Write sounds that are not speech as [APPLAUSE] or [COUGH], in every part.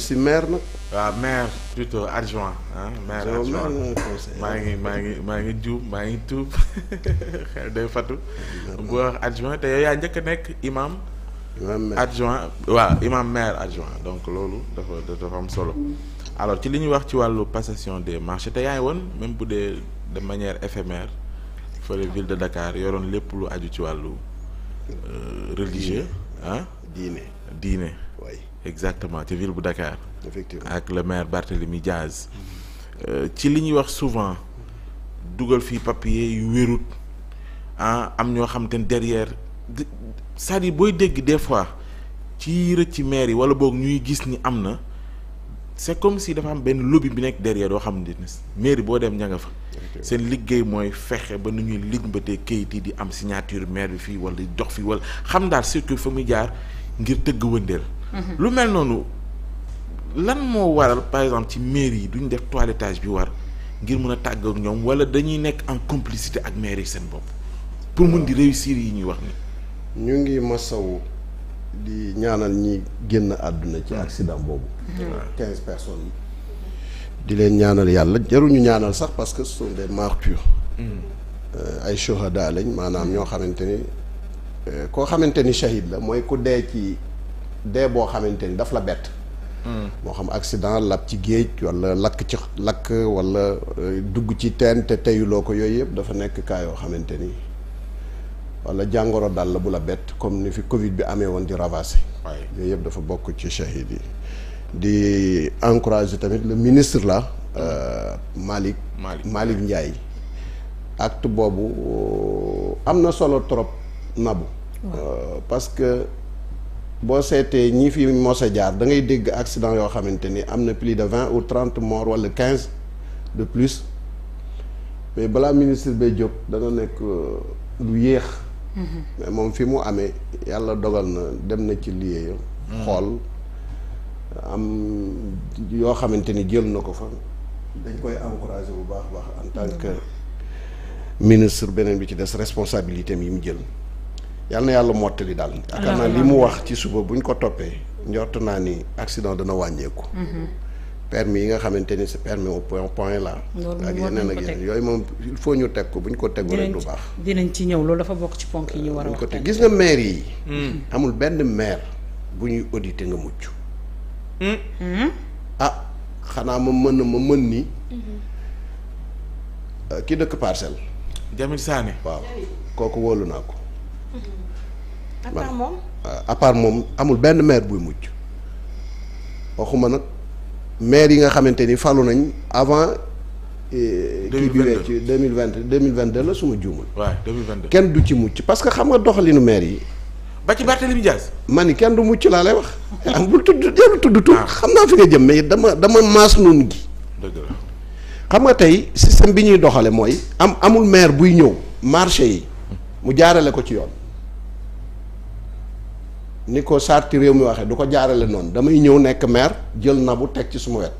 si maire nag. waaw maire plutôt maa ngi maa ngi maa ngi juum maa ngi tuub [LAUGHS] xel day fatu. bu wax adjoint te yaa njëkk a nekk imam. adjoint waaw imam maire adjoint donc loolu dafa dafa am solo. alors ci li ñuy wax ci wàllu passation des marché te yaa ngi woon même bu dee de manière éphémère fële ville de Dakar yoroon lépp lu aju ci wàllu euh, religieux diine. exactement ci ville bu Dakar. effectivement ak le maire Barthélémy Diaz. Euh, ci li ñuy wax souvent dugal fii papier yu wérut ah, am ñoo xam te ne derrière yi booy dégg de fois ci rëcc maire yi wala boog ñuy gis ni am na c'est comme si dafa am benn lobby bi nekk derrière yoo xam ne maire boo dem ña nga fa. seen liggéey mooy fexe ba nu ñuy lijbatee kayit yi di am signature maire bi fii wala di dox fii wala xam daal circuit fa muy jaar ngir tëgg wëndeel. Mhm. lu mel noonu lan moo waral par exemple ci mairie yi duñ def toilettage bi war ngir mën a tàggat ñoom wala dañuy nekk en complicité ak mairie yi seen bopp pour mun di réussir yi ñuy wax ni ñu ngi masawu di ñaanal ñi génn àdduna ci accident boobu yi mhm. di leen ñaanal yàlla jaruñu ñaanal sax parce que ce sont des martyrs mm. euh, ay shuhada lañ maanaam ñoo xamante ni euh, koo xamante ni shahid la mooy ku dee ci dee boo xamante ni daf la bett. Hmm. moo xam accident lab ci géej wala lakk ci lakk wala euh, dugg ci teen te teyuloo ko yooyu yëpp dafa nekk kaa yoo xamante ni wala jàngoro dal la bu la bett comme ni fi Covid bi amee woon di ravager. yooyu yëpp dafa bokk ci shahid yi. di encourager tamit le ministre la euh, malik Malick Ndiaye akt boobu euh, am na solo trop nabu parce que boo seetee ñi fi moo a jaar da ngay dégg accident yoo xamante ni am na plus de vingt ou trente morts wala quinze de plus mais balaa ministre bay jóg dana nekk euh, lu yéex. Mhm. mais moom fi mu amee yàlla dogal na dem na ci lieu mhm. xool am yoo xamante ni jël na ko fa. dañ koy encourager bu baax baax en tant mhm. que ministre beneen bi ci des responsabilité am yi mu jël. yàlla na yàlla mottali daal. yaakaar li mu wax ci suba bu ñu ko toppee njort naa ni accident dana wàññeeku. Mhm. permis yi nga xamante ni c'est permis au point point ak yeneen ak yeneen yooyu moom il ñu teg ko bu ñu ko tegu rek du baax. dinañ ci ñëw loolu dafa bokk ci ponk yi ñu war a ko teg gis nga maire yi. Hmm. amul benn maire bu ñuy auditer nga mucc. Hmm. Hmm? ah xanaa ma mën ma mën ni. Mhm. Euh, ki dëkk parcelle. Jamil waaw kooku wóolu naa ko. à mm-hmm. part moom euh, à part moom amul benn maire buy mujj waxuma nag maire yi nga xamante ni falu nañ avant. Eh, kii bi weer ci deux mille vingt deux mille vingt deux la su ma kenn du ci mucc parce que xam nga doxalinu maire yi. ba ci Barthélemy Dias. ma ni kenn du mucc laa lay wax. am [LAUGHS] ah, bul tudd yàlla tudd tur. Ah. xam naa fi nga jëm mais dama dama maas noonu gi. dëgg la xam nga tey système bi ñuy doxale mooy am amul maire buy ñëw marché yi mu jaarale ko ci yoon. ni ko sarti réew mi waxee du ko jaarale noonu damay ñëw nekk maire jël nabu teg ci suma wet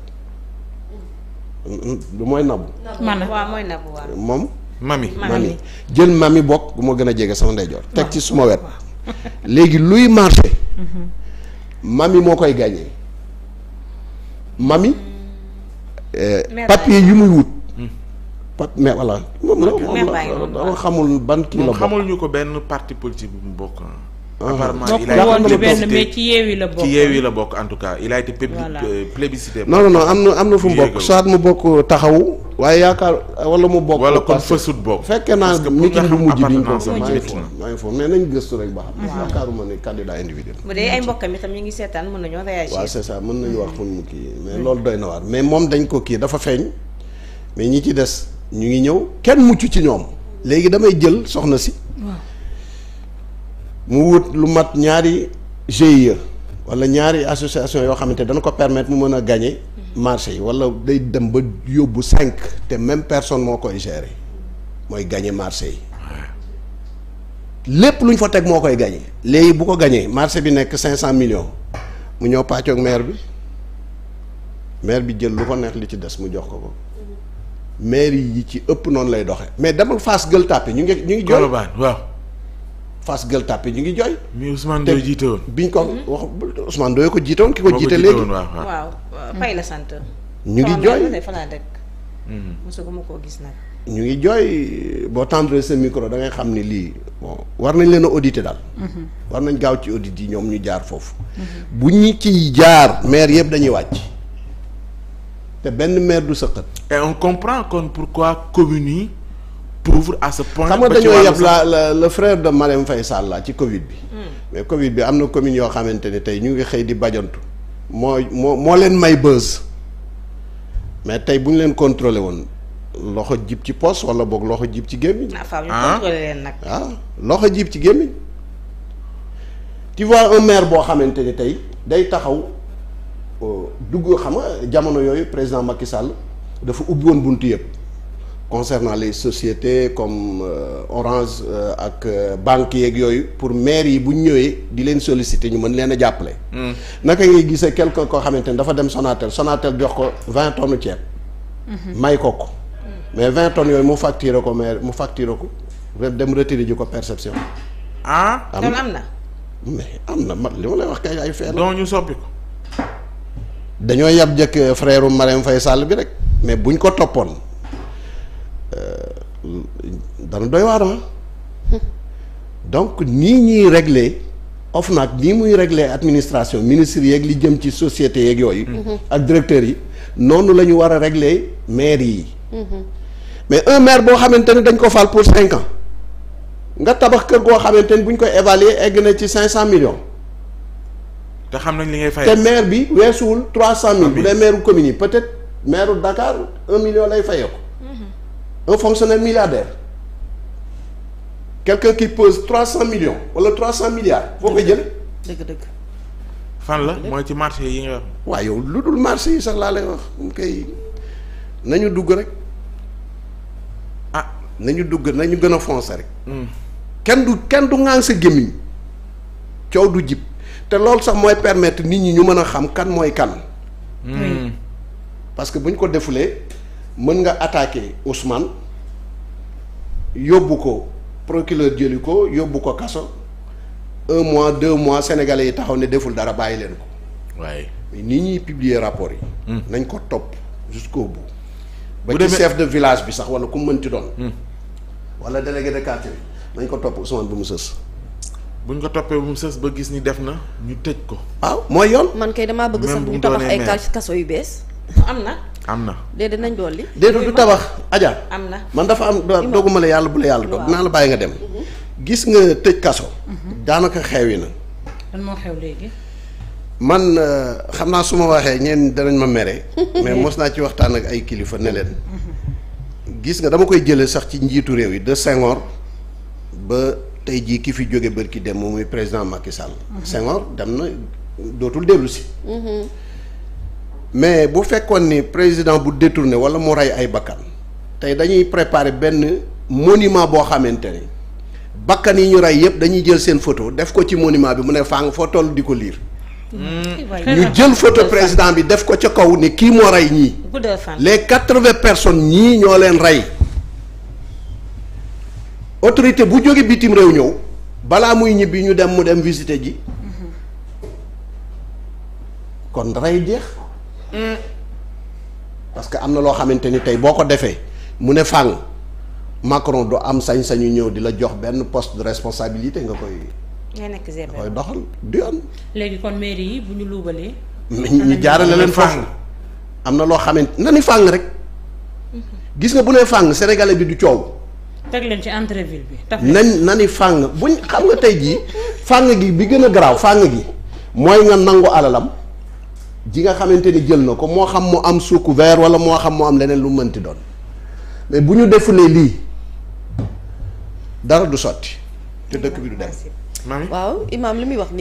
mooy nabu. man waaw mooy nabu moom. mami mami jël mami bokk bu ma gën a jege sama ndeyjoor. teg ci suma wet [LAUGHS] léegi luy marché. Mm-hmm. mami moo koy gagné. mami. Mm. Eh, papier yi muy wut. Mm. pat mais voilà. moom la moom xamul ban kii la ko benn parti politique bu mu bokk Uh-huh. apparemment il a été ci yeewi la bokk la bokk en tout cas il a été plébiscité euh, non non non am na am na fu mbokk bokk soit mu bokk taxaw waaye yaakaar wala mu bokk wala kon fësut bokk fekkee naa meeting bu mujj bi ñu ko maa ngi foofu maa ngi foofu mais nañ gëstu rek ba xam yaakaaruma ne candidat individuel bu dee ay mbokkam ngi seetaan mën nañoo réagir waaw c'est ça mën nañu wax mu kii mais hmm. loolu doy na waar mais moom dañ ko kii dafa feeñ mais ñi ci des ñu ngi ñëw kenn mucc ci ñoom léegi damay jël soxna si mu wut lu mat ñaari GIE wala ñaari association yoo xamante dana ko permettre mu mën a gañe marché yi wala day dem ba yóbbu cinq te même personne moo koy gérer mooy gagner marché yi lépp lu ñu fa teg moo koy gañe léegi bu ko gañee marché bi nekk cinq cent millions mu ñëw pàccoog maire bi maire bi jël lu ko neex li ci des mu jox ko ko maire yi ci ëpp noonu lay doxee mais demal fas Gueule Tapée ñu ngi ñu ngi jël waaw Fass Gueule Tapée ñu ngi jooy. mais Ousmane Ndoye jiite woon biñ ko wax Ousmane Ndoye ko jiite woon ki ko jiite léegi waaw Faye la sant. Hmm. ñu ngi jooy boo tendre sa micro da xam ni lii bon war nañ leen a auditer daal. Mhm. war nañ gaaw ci audit yi ñoom ñu jaar foofu. Mhm. bu ñu ciy jaar maire yëpp dañuy wàcc. te benn maire du sëqat. et on comprend kon pourquoi communes yi. pauvre à ce point. xam nga dañoo yab la la le frère de Marème Faye Sall ci Covid bi. Hmm. mais Covid bi am na commune yoo xamante ne tey ñu ngi xëy di bajantu moo moo moo leen may bës mais tey bu ñu leen contrôlé woon loxo jib ci poste wala boog loxo jib ci gémmiñ. ah ñu ah. contrôlé ah, loxo jib ci gémmiñ maire boo xamante ni tey day taxaw euh, dugg xam nga jamono yooyu président Macky Sall dafa ubbi woon buntu yëpp. concernant les sociétés comme euh, Orange euh, ak euh, banques yeeg yooyu pour maires yi bu ñu ñëwee di leen solliciter ñu mën leen a jàppale. Hmm. naka ngay gisee quelque koo xamante ni dafa dem Sonatel Sonatel jox ko vingt tonnes ceeb. Mhm. may ko ko. Hmm. mais vingt tonnes yooyu mu facturé ko maire mu facturé ko dem retiré ji ko perception. ah am na am mais am na li ma lay wax kay ay fee la. donc ñu soppi ko. dañoo yab jëkk frère Marème Faye Sall bi rek mais bu ñu ko toppoon. dana doy waar ah. donc nii ñuy régler nag nii muy régler administration ministre yeeg li jëm ci société yeeg yooyu. Mm-hmm. ak directeurs yi noonu la ñu war a régler maire yi. Mm-hmm. mais un maire boo xamante ne dañ ko fal pour cinq ans nga tabax kër goo xamante ne bu koy évaluer egg na ci cinq cent million te xam nañ li ngay fay. te maire bi weesuwul trois cent mille. bu dee maire commune yi peut-être maire Dakar un million lay fayee ko. Mm-hmm. un fonctionnaire milliardaire. quelqu'un ki pèse trois cent millions wala trois cent milliards foo koy jële dëgg dëgg la mooy ci marché yi nga wax waaw yow lu dul marché yi sax laa lay wax ñu koy nañu dugg rek ah nañu dugg nañu gën a foncer rek hmm. kenn du kenn du ŋaan sa gémmiñ coow du jib te loolu sax mooy permettre nit ñi ñu mën a xam kan mooy kan hmm. parce que bu ñu ko defulee mën nga attaquer Ousmane yóbbu ko procureur jëli ko yóbbu ko kaso un mois deux mois sénégalais yi taxaw ne deful dara bàyyi leen ko. waaye ni ñuy publier rapport yi. Hmm. nañ ko topp jusqu'au bout. ba ci chef de village bi sax wala ku mënti doon. Hmm. wala délégué de quartier bi nañ ko topp Ousmane bu mu sës. buñ ko toppee bu mu sës ba gis ni def na ñu tëj ko. waaw ah, mooy yoon. man kay damaa bëgg sax ñu tabax ay kaso yu bees am na. am na déedéet nañ dolli déedéet du tabax aja am man dafa am dogguma la yàlla bu la yàlla dog dinaa la bàyyi nga dem mhm. gis nga tëj kaso mhm. daanaka xewi na lan moo xew man euh, xam naa su ma waxee ñeen danañ ma mere [LAUGHS] mais mos naa ci waxtaan ak ay kilifa ne mhm. gis nga dama koy jële sax ci njiitu réew yi de Senghor ba tey jii ki fi jóge bërki dem moom muy président Macky Sall Senghor dem na dootul dellu mais bu fekkoon ni président bu détourné wala mu rey ay bakkan tey dañuy préparer benn monument boo xamante ni bakkan yi ñu rey yëpp dañuy jël seen photo def ko ci monument bi mu ne fàng foo toll di ko liir. Hmm. ñu jël photo président bi def ko ca kaw ni kii moo rey ñii. les quatre-vingts personnes ñii ñoo leen rey autorité bu jóge bitim réew ñëw balaa muy ñibbi ñu dem mu dem visité ji hmm. kon rey jeex. parce que am na loo xamante ni tey boo ko defee mu ne fàng Macron du am sañ-sañu ñëw di la jox benn poste de responsabilité nga koy. nga nekk nga koy doxal du yoon. léegi kon mairie yi bu ñu luubalee. ñu jaarale leen foofu am na loo xamante na ni fàng rek. gis nga bu nee fàng sénégalais bi du coow. teg leen ci entrevue bi. nañ na ni fàng bu xam nga tey jii fàng gi bi gën a garaaw fàng gi mooy nga nangu alalam. ji nga xamante ni jël na ko moo xam mu am sous couvert wala moo xam mu am leneen lu mënti doon mais bu ñu ne lii dara du sotti te dëkk bi du dem waaw imaam li muy wax